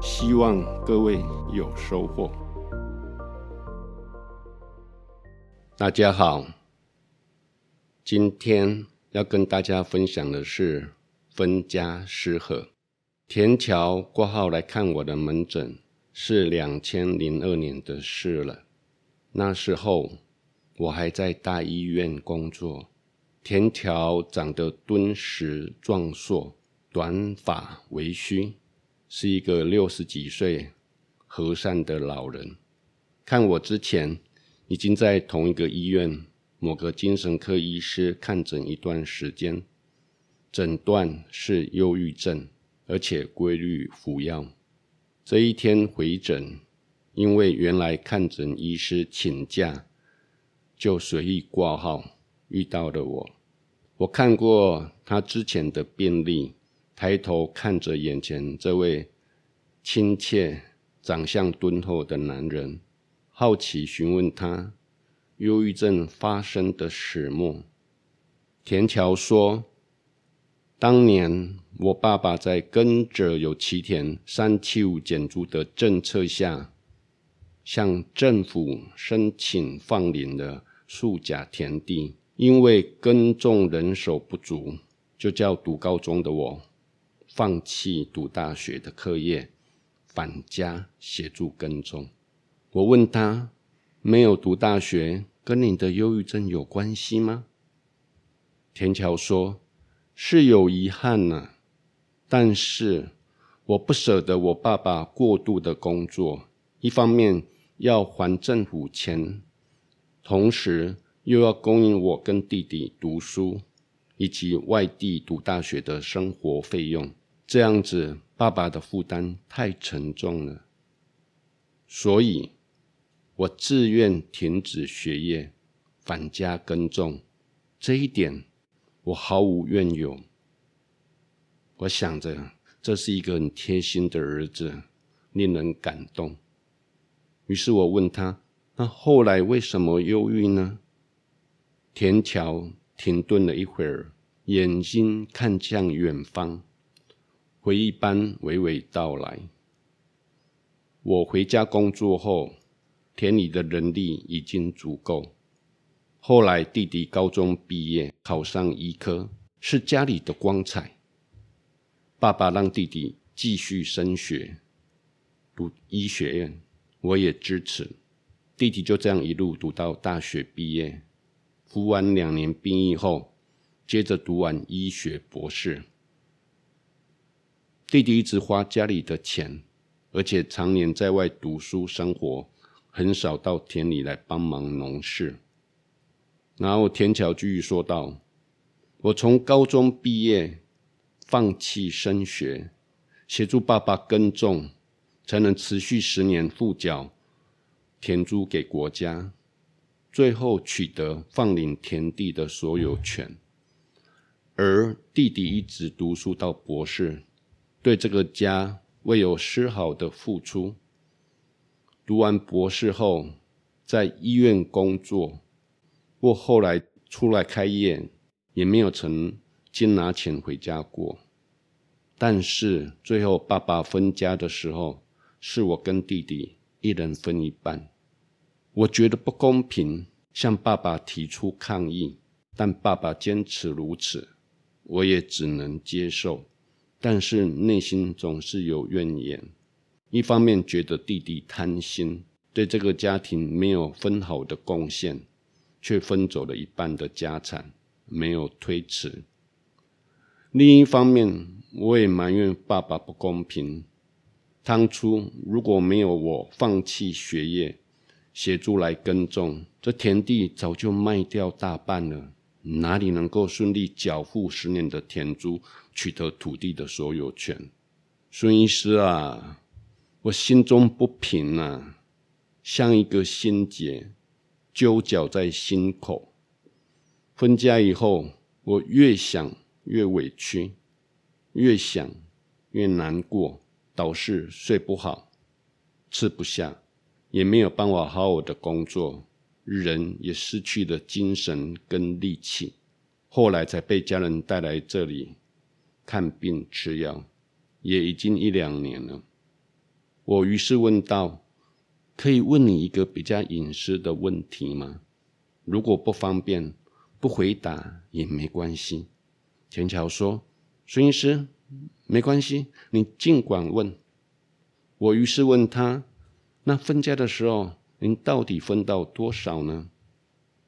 希望各位有收穫。大家好，今天要跟大家分享的是分家失和。田橋掛號來看我的門診是兩千零二年的事了。那時候我還在大醫院工作。田橋長得敦實壯碩，短髮為鬚，是一個六十幾歲和善的老人，看我之前已經在同一個醫院某個精神科醫師看診一段時間，診斷是憂鬱症，而且規律服藥。這一天回診，因為原來看診醫師請假，就隨意掛號遇到了我。我看過他之前的病歷。抬頭看着眼前這位親切、長相敦厚的男人，好奇詢問他：憂鬱症發生的始末。田橋說：“當年我爸爸在耕者有其田、三七五減租的政策下，向政府申請放領了數甲田地，因為耕種人手不足，就叫讀高中的我。”放棄讀大學的課業，返家協助耕種。我問他：沒有讀大學跟你的憂鬱症有關係嗎？田橋說：是有遺憾呢、啊，但是我不捨得我爸爸過度的工作，一方面要還政府錢，同時又要供應我跟弟弟讀書以及外地讀大學的生活費用。這樣子，爸爸的負擔太沉重了，所以，我自願停止學業，返家耕種。這一點，我毫無怨尤。我想着，這是一個很貼心的兒子，令人感動。於是我問他：“那後來為什麼憂鬱呢？”田橋停頓了一會兒，眼睛看向遠方。回憶般娓娓道來。我回家工作後，田裡的人力已經足夠。後來弟弟高中畢業，考上醫科，是家裡的光彩。爸爸讓弟弟繼續升學，讀醫學院，我也支持。弟弟就這樣一路讀到大學畢業，服完兩年兵役後，接着讀完醫學博士。弟弟一直花家裡的錢，而且常年在外讀書生活，很少到田裡來幫忙農事。然後田橋居士說道：“我從高中畢業，放棄升學，協助爸爸耕種，才能持續十年付繳田租給國家，最後取得放領田地的所有權。嗯、而弟弟一直讀書到博士。”對這個家未有絲毫的付出。讀完博士後，在醫院工作，我後來出來開業，也沒有曾經拿錢回家過。但是最後爸爸分家的時候，是我跟弟弟一人分一半。我覺得不公平，向爸爸提出抗議，但爸爸堅持如此，我也只能接受。但是內心總是有怨言，一方面覺得弟弟貪心，對這個家庭沒有分好的貢獻，卻分走了一半的家產，沒有推辭；另一方面，我也埋怨爸爸不公平。當初如果沒有我放棄學業，協助來耕種，這田地早就賣掉大半了。哪裡能夠順利繳付十年的田租，取得土地的所有權？孫醫師啊，我心中不平啊，像一個心結揪絞在心口。分家以後，我越想越委屈，越想越難過，導致睡不好、吃不下，也沒有辦法好好的工作。人也失去了精神跟力氣，後來才被家人帶來這裡看病吃藥，也已經一兩年了。我於是問道：“可以問你一個比較隱私的問題嗎？如果不方便，不回答也沒關係。”田橋說：“孫醫師，沒關係，你儘管問。”我於是問他：“那分家的時候，”您到底分到多少呢？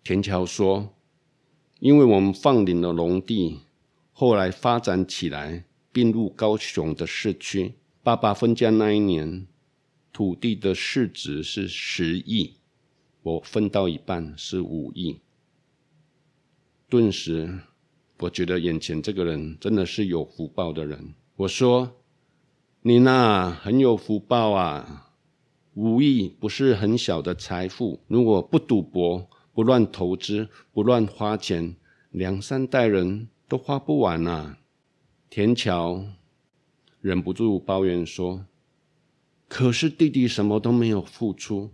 田橋說：“因為我們放領了農地，後來發展起來，併入高雄的市區。爸爸分家那一年，土地的市值是十億，我分到一半是五億。頓時，我覺得眼前這個人真的是有福報的人。我說：‘你吶很有福報啊！’”五億不是很小的財富，如果不賭博、不亂投資、不亂花錢，兩三代人都花不完啊！田橋忍不住抱怨說：“可是弟弟什麼都沒有付出，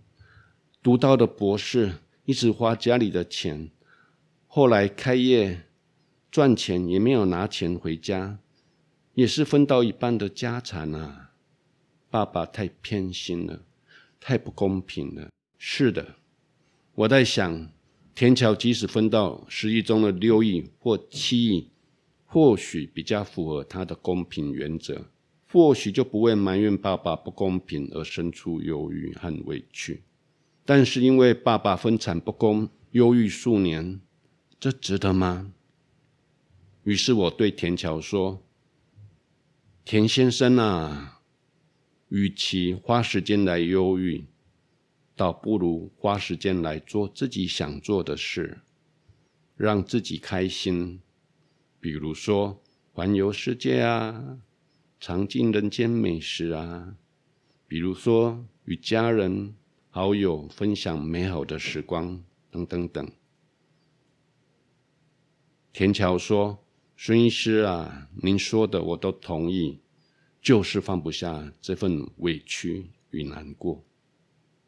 讀到的博士一直花家裡的錢，後來開業賺錢也沒有拿錢回家，也是分到一半的家產啊！爸爸太偏心了。”太不公平了。是的，我在想，田橋即使分到十億中的六億或七億，或許比較符合他的公平原則，或許就不會埋怨爸爸不公平而生出憂鬱和委屈。但是因為爸爸分產不公，憂鬱數年，這值得嗎？於是我對田橋說：“田先生啊。”與其花時間來憂鬱，倒不如花時間來做自己想做的事，讓自己開心。比如說環遊世界啊，嘗盡人間美食啊，比如說與家人好友分享美好的時光，等等等。田橋說：“孫醫師啊，您說的我都同意。”就是放不下這份委屈與難過。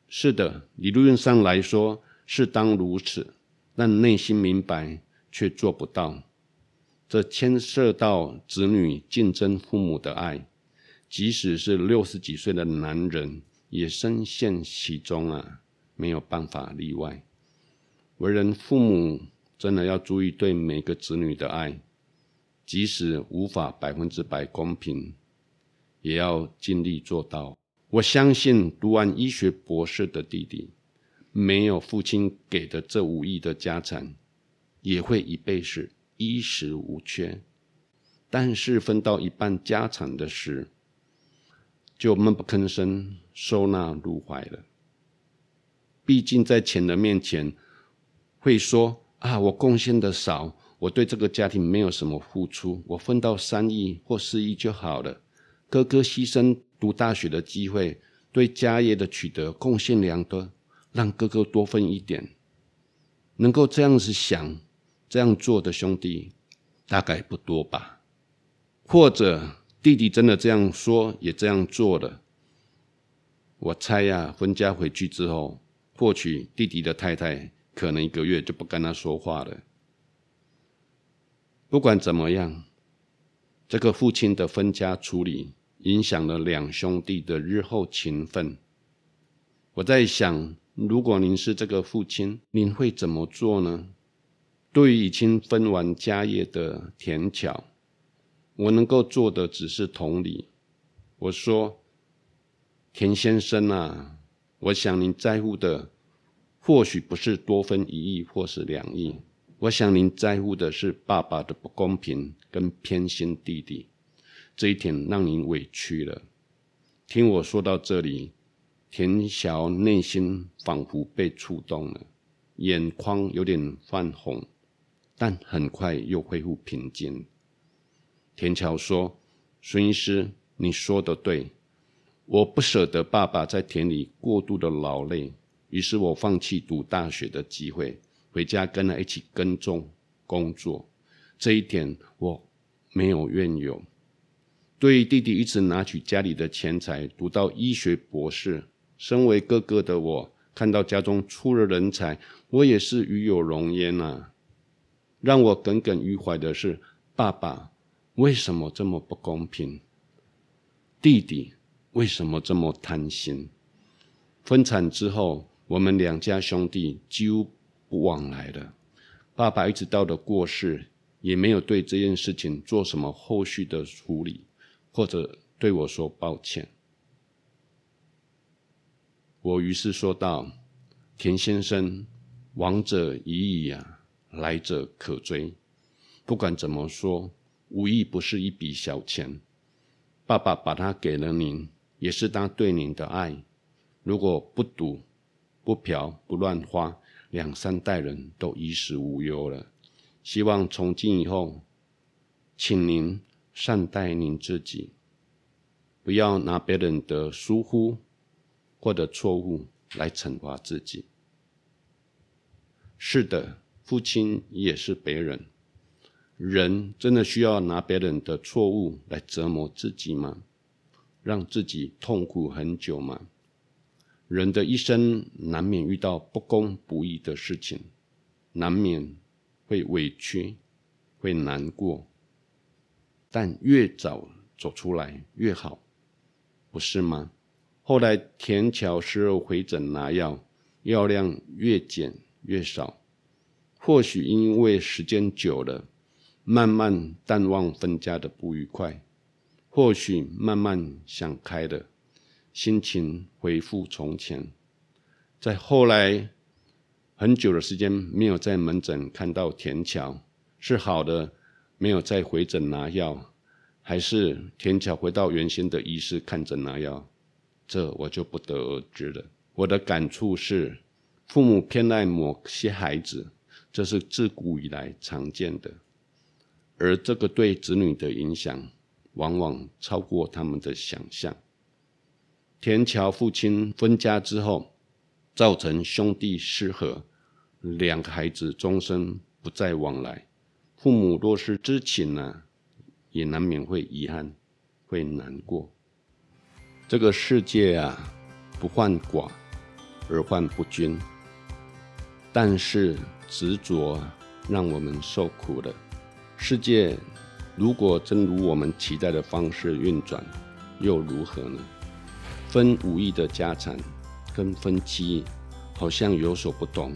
是的，理論上來說是當如此，但內心明白卻做不到。這牽涉到子女競爭父母的愛，即使是六十幾歲的男人也深陷其中啊，沒有辦法例外。為人父母真的要注意對每個子女的愛，即使無法百分之百公平。也要盡力做到。我相信讀完醫學博士的弟弟，沒有父親給的這五億的家產，也會一輩子衣食無缺。但是分到一半家產的事，就悶不吭聲，收納入懷了。畢竟在錢的面前，會說啊，我貢獻的少，我對這個家庭沒有什麼付出，我分到三億或四億就好了。哥哥犧牲讀大學的機會，對家業的取得貢獻良多，讓哥哥多分一點，能夠這樣子想、這樣做的兄弟，大概不多吧。或者弟弟真的這樣說、也這樣做了。我猜呀、啊，分家回去之後，或許弟弟的太太可能一個月就不跟他說話了。不管怎麼樣。這個父親的分家處理，影響了兩兄弟的日後情分。我在想，如果您是這個父親，您會怎麼做呢？對於已經分完家業的田橋，我能夠做的只是同理。我說：“田先生啊，我想您在乎的，或許不是多分一億或是兩億。”我想您在乎的是爸爸的不公平跟偏心弟弟，這一點讓您委屈了。聽我說到這裡，田橋內心仿佛被觸動了，眼眶有點泛紅，但很快又恢復平靜。田橋說：“孫醫師，你說的對，我不舍得爸爸在田裡過度的勞累，於是我放棄讀大學的機會。”回家跟他一起耕種工作，這一點我沒有怨尤。對於弟弟一直拿取家裡的錢財，讀到醫學博士，身為哥哥的我，看到家中出了人才，我也是與有榮焉啊。讓我耿耿於懷的是，爸爸為什麼這麼不公平？弟弟為什麼這麼貪心？分產之後，我們兩家兄弟幾乎不往來的，爸爸一直到的過世，也沒有對這件事情做什麼後續的處理，或者對我說抱歉。我於是說道：“田先生，亡者已矣啊，來者可追。不管怎麼說，五億不是一筆小錢。爸爸把它給了您，也是他對您的愛。如果不賭、不嫖、不亂花。”兩三代人都衣食無憂了，希望從今以後，請您善待您自己，不要拿別人的疏忽或者錯誤來懲罰自己。是的，父親也是別人，人真的需要拿別人的錯誤來折磨自己嗎？讓自己痛苦很久嗎？人的一生難免遇到不公不義的事情，難免會委屈，會難過，但越早走出來越好，不是嗎？後來田橋事後回診拿藥，藥量越減越少，或許因為時間久了，慢慢淡忘分家的不愉快，或許慢慢想開了。心情恢復，從前，在後來很久的時間沒有在門診看到田橋是好的，沒有再回診拿藥，還是田橋回到原先的醫師看診拿藥，這我就不得而知了。我的感觸是，父母偏愛某些孩子，這是自古以來常見的，而這個對子女的影響，往往超過他們的想象。田橋父親分家之後，造成兄弟失和，兩個孩子終生不再往來。父母若是知情呢，也難免會遺憾，會難過。這個世界啊，不患寡而患不均。但是執着讓我們受苦了。世界如果真如我們期待的方式運轉，又如何呢？分五億的家產跟分七億，好像有所不同，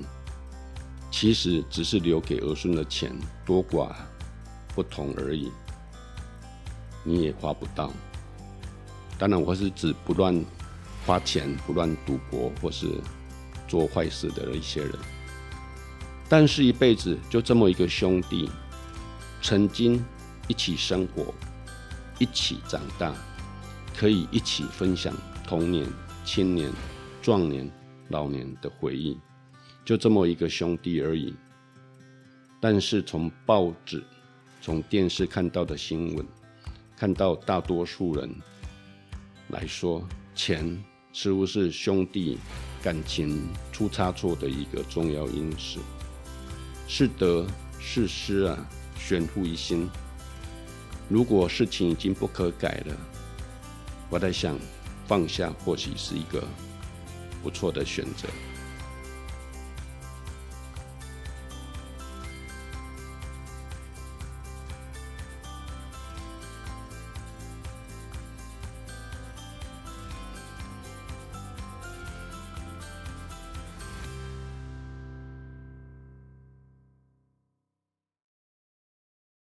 其實只是留給兒孫的錢多寡不同而已。你也花不到，當然我是指不亂花錢、不亂賭博或是做壞事的一些人。但是，一輩子就這麼一個兄弟，曾經一起生活，一起長大。可以一起分享童年、青年、壯年、老年的回憶，就這麼一個兄弟而已。但是從報紙、從電視看到的新聞，看到大多數人來說，錢似乎是兄弟感情出差錯的一個重要因素，是得是失啊，懸乎一心。如果事情已經不可改了。我在想，放下或許是一個不錯的選擇。